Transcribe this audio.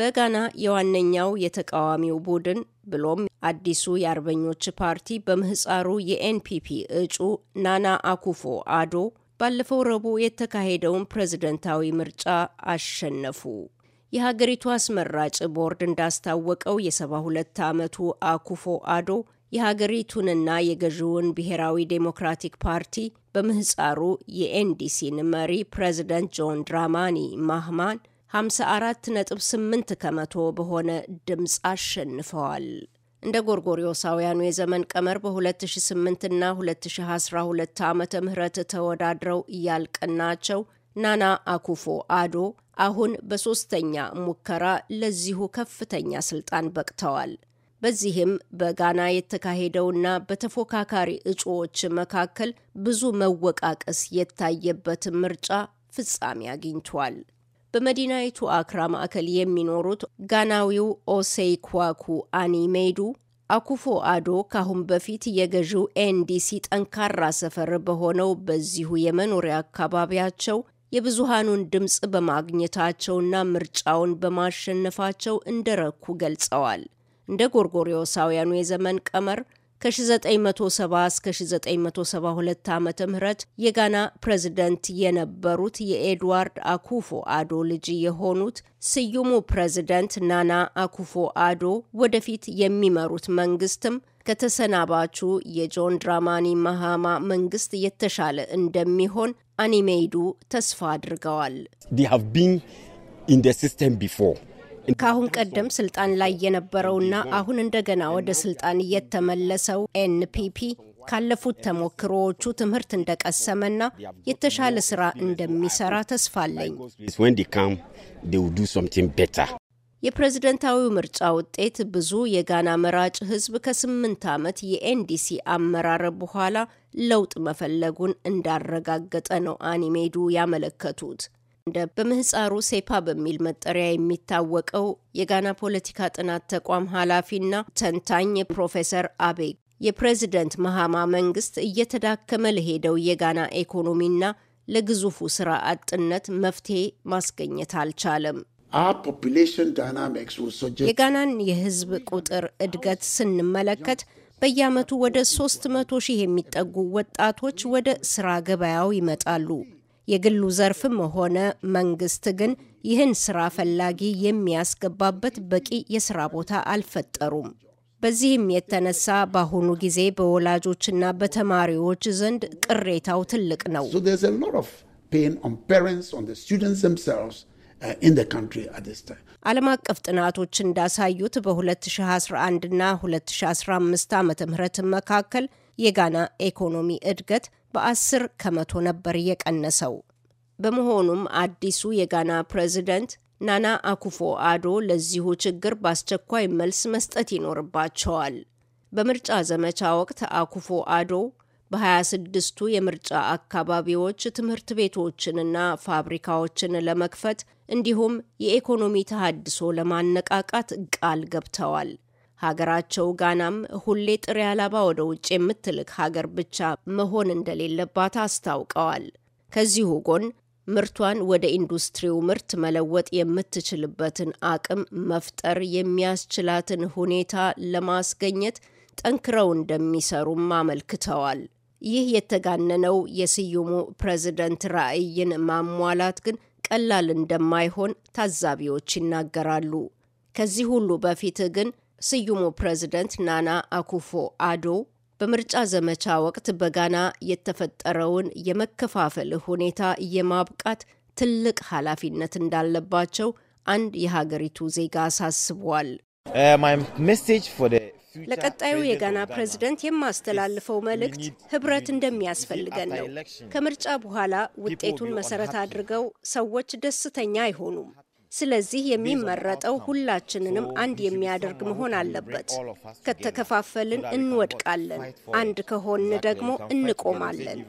በጋና የዋነኛው የተቃዋሚው ቡድን ብሎም አዲሱ የአርበኞች ፓርቲ በምህፃሩ የኤንፒፒ እጩ ናና አኩፎ አዶ ባለፈው ረቡዕ የተካሄደውን ፕሬዝደንታዊ ምርጫ አሸነፉ። የሀገሪቱ አስመራጭ ቦርድ እንዳስታወቀው የ72 ዓመቱ አኩፎ አዶ የሀገሪቱንና የገዢውን ብሔራዊ ዴሞክራቲክ ፓርቲ በምህፃሩ የኤንዲሲን መሪ ፕሬዝደንት ጆን ድራማኒ ማህማን 54.8 ከመቶ በሆነ ድምፅ አሸንፈዋል። እንደ ጎርጎሪዮሳውያኑ የዘመን ቀመር በ2008 እና 2012 ዓመተ ምህረት ተወዳድረው እያልቀናቸው ናና አኩፎ አዶ አሁን በሶስተኛ ሙከራ ለዚሁ ከፍተኛ ስልጣን በቅተዋል። በዚህም በጋና የተካሄደውና በተፎካካሪ እጩዎች መካከል ብዙ መወቃቀስ የታየበት ምርጫ ፍጻሜ አግኝቷል። በመዲናይቱ አክራ ማዕከል የሚኖሩት ጋናዊው ኦሴይ ኳኩ አኒ ሜይዱ አኩፎ አዶ ካሁን በፊት የገዢው ኤንዲሲ ጠንካራ ሰፈር በሆነው በዚሁ የመኖሪያ አካባቢያቸው የብዙሃኑን ድምፅ በማግኘታቸውና ምርጫውን በማሸነፋቸው እንደረኩ ገልጸዋል። እንደ ጎርጎሪዮሳውያኑ የዘመን ቀመር ከ1970 እስከ 1972 ዓ ም የጋና ፕሬዝደንት የነበሩት የኤድዋርድ አኩፎ አዶ ልጅ የሆኑት ስዩሙ ፕሬዝደንት ናና አኩፎ አዶ ወደፊት የሚመሩት መንግስትም ከተሰናባቹ የጆን ድራማኒ ማሃማ መንግስት የተሻለ እንደሚሆን አኒሜይዱ ተስፋ አድርገዋል። ከአሁን ቀደም ስልጣን ላይ የነበረውና አሁን እንደገና ወደ ስልጣን እየተመለሰው ኤንፒፒ ካለፉት ተሞክሮዎቹ ትምህርት እንደቀሰመና የተሻለ ስራ እንደሚሰራ ተስፋ አለኝ። የፕሬዝደንታዊው ምርጫ ውጤት ብዙ የጋና መራጭ ህዝብ ከስምንት ዓመት የኤንዲሲ አመራር በኋላ ለውጥ መፈለጉን እንዳረጋገጠ ነው አኒሜዱ ያመለከቱት። እንደ በምህፃሩ ሴፓ በሚል መጠሪያ የሚታወቀው የጋና ፖለቲካ ጥናት ተቋም ኃላፊና ተንታኝ ፕሮፌሰር አቤ የፕሬዝደንት መሃማ መንግስት እየተዳከመ ለሄደው የጋና ኢኮኖሚና ለግዙፉ ስራ አጥነት መፍትሄ ማስገኘት አልቻለም። የጋናን የህዝብ ቁጥር እድገት ስንመለከት በየአመቱ ወደ 300 ሺህ የሚጠጉ ወጣቶች ወደ ስራ ገበያው ይመጣሉ። የግሉ ዘርፍም ሆነ መንግስት ግን ይህን ስራ ፈላጊ የሚያስገባበት በቂ የስራ ቦታ አልፈጠሩም። በዚህም የተነሳ በአሁኑ ጊዜ በወላጆችና በተማሪዎች ዘንድ ቅሬታው ትልቅ ነው። uh, ዓለም አቀፍ ጥናቶች እንዳሳዩት በ2011ና 2015 ዓ ም መካከል የጋና ኢኮኖሚ እድገት በአስር ከመቶ ነበር የቀነሰው። በመሆኑም አዲሱ የጋና ፕሬዚደንት ናና አኩፎ አዶ ለዚሁ ችግር በአስቸኳይ መልስ መስጠት ይኖርባቸዋል። በምርጫ ዘመቻ ወቅት አኩፎ አዶ በ26ቱ የምርጫ አካባቢዎች ትምህርት ቤቶችንና ፋብሪካዎችን ለመክፈት እንዲሁም የኢኮኖሚ ተሃድሶ ለማነቃቃት ቃል ገብተዋል። ሀገራቸው ጋናም ሁሌ ጥሬ አላባ ወደ ውጭ የምትልክ ሀገር ብቻ መሆን እንደሌለባት አስታውቀዋል። ከዚሁ ጎን ምርቷን ወደ ኢንዱስትሪው ምርት መለወጥ የምትችልበትን አቅም መፍጠር የሚያስችላትን ሁኔታ ለማስገኘት ጠንክረው እንደሚሰሩም አመልክተዋል። ይህ የተጋነነው የስዩሙ ፕሬዝደንት ራዕይን ማሟላት ግን ቀላል እንደማይሆን ታዛቢዎች ይናገራሉ። ከዚህ ሁሉ በፊት ግን ስዩሙ ፕሬዝደንት ናና አኩፎ አዶ በምርጫ ዘመቻ ወቅት በጋና የተፈጠረውን የመከፋፈል ሁኔታ የማብቃት ትልቅ ኃላፊነት እንዳለባቸው አንድ የሀገሪቱ ዜጋ አሳስቧል። uh, ለቀጣዩ የጋና ፕሬዝደንት የማስተላልፈው መልእክት ህብረት እንደሚያስፈልገን ነው። ከምርጫ በኋላ ውጤቱን መሰረት አድርገው ሰዎች ደስተኛ አይሆኑም። ስለዚህ የሚመረጠው ሁላችንንም አንድ የሚያደርግ መሆን አለበት። ከተከፋፈልን እንወድቃለን፣ አንድ ከሆን ደግሞ እንቆማለን።